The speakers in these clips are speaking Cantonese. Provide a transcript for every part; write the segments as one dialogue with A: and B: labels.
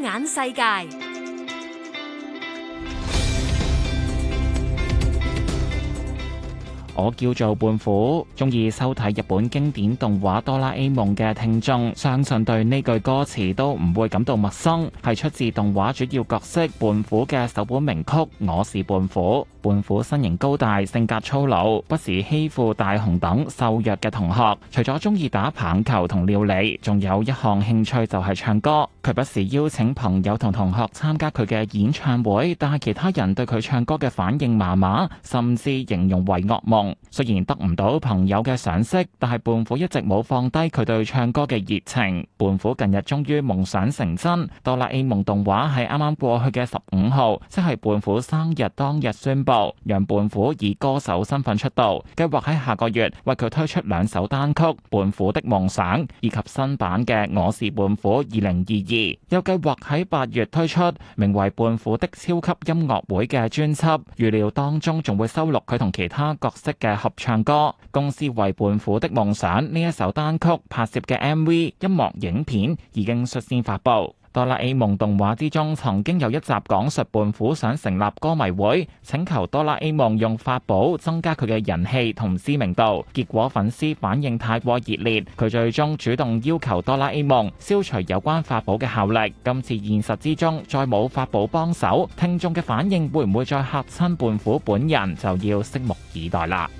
A: 眼世界。我叫做胖虎，中意收睇日本經典動畫《哆啦 A 夢》嘅聽眾，相信對呢句歌詞都唔會感到陌生，係出自動畫主要角色胖虎嘅首本名曲《我是胖虎》。胖虎身形高大，性格粗魯，不時欺負大雄等瘦弱嘅同學。除咗中意打棒球同料理，仲有一項興趣就係唱歌。佢不時邀請朋友同同學參加佢嘅演唱會，但係其他人對佢唱歌嘅反應麻麻，甚至形容為噩夢。雖然得唔到朋友嘅賞識，但係胖虎一直冇放低佢對唱歌嘅熱情。胖虎近日終於夢想成真，哆啦 A 夢動畫喺啱啱過去嘅十五號，即係胖虎生日當日宣佈，讓胖虎以歌手身份出道。計劃喺下個月為佢推出兩首單曲《胖虎的夢想》以及新版嘅《我是胖虎2022》，又計劃喺八月推出名為《胖虎的超級音樂會》嘅專輯。預料當中仲會收錄佢同其他角色嘅合唱歌，公司為胖虎的夢想呢一首單曲拍攝嘅 MV 音樂影片已經率先發佈。哆啦 A 夢動畫之中曾經有一集講述胖虎想成立歌迷會，請求哆啦 A 夢用法寶增加佢嘅人氣同知名度。結果粉絲反應太過熱烈，佢最終主動要求哆啦 A 夢消除有關法寶嘅效力。今次現實之中再冇法寶幫手，聽眾嘅反應會唔會再嚇親胖虎本人，就要拭目以待啦。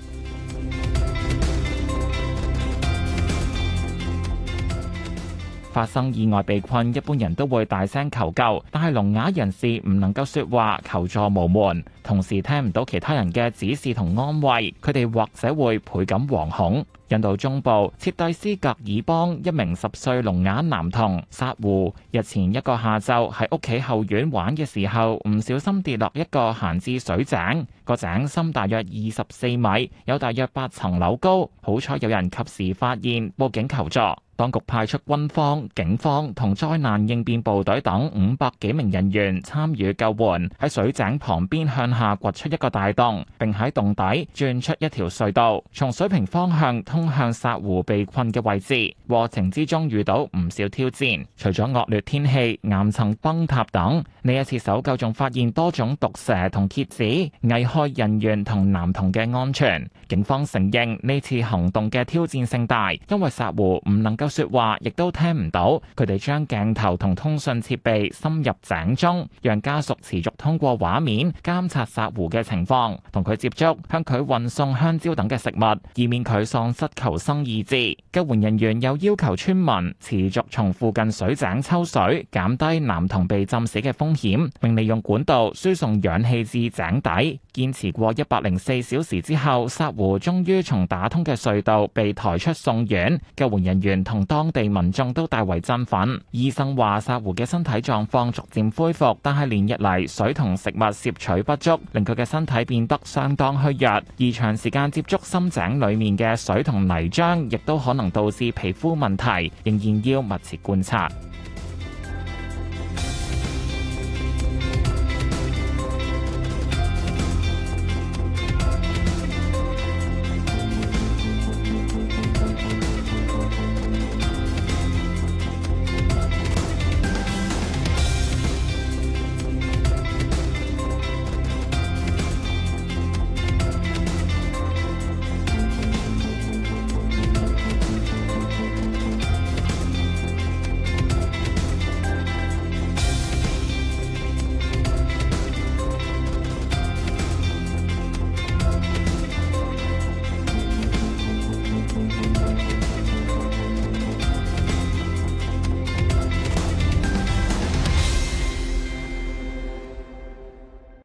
A: 發生意外被困，一般人都會大聲求救，但係聾啞人士唔能夠說話求助無門，同時聽唔到其他人嘅指示同安慰，佢哋或者會倍感惶恐。印度中部切蒂斯格爾邦一名十歲聾啞男童沙胡日前一個下晝喺屋企後院玩嘅時候，唔小心跌落一個閒置水井，個井深大約二十四米，有大約八層樓高。好彩有人及時發現，報警求助。當局派出軍方、警方同災難應變部隊等五百幾名人員參與救援，喺水井旁邊向下掘出一個大洞，並喺洞底鑽出一條隧道，從水平方向通向沙湖被困嘅位置。過程之中遇到唔少挑戰，除咗惡劣天氣、岩層崩塌等，呢一次搜救仲發現多種毒蛇同蠍子，危害人員同男童嘅安全。警方承認呢次行動嘅挑戰性大，因為沙湖唔能夠。說話亦都聽唔到，佢哋將鏡頭同通訊設備深入井中，讓家屬持續通過畫面監察殺狐嘅情況，同佢接觸，向佢運送香蕉等嘅食物，以免佢喪失求生意志。救援人員又要求村民持續從附近水井抽水，減低男童被浸死嘅風險，並利用管道輸送氧氣至井底。堅持過一百零四小時之後，殺狐終於從打通嘅隧道被抬出送院。救援人員同當地民眾都大為振奮。醫生話，薩胡嘅身體狀況逐漸恢復，但係連日嚟水同食物攝取不足，令佢嘅身體變得相當虛弱。而長時間接觸深井裡面嘅水同泥漿，亦都可能導致皮膚問題，仍然要密切觀察。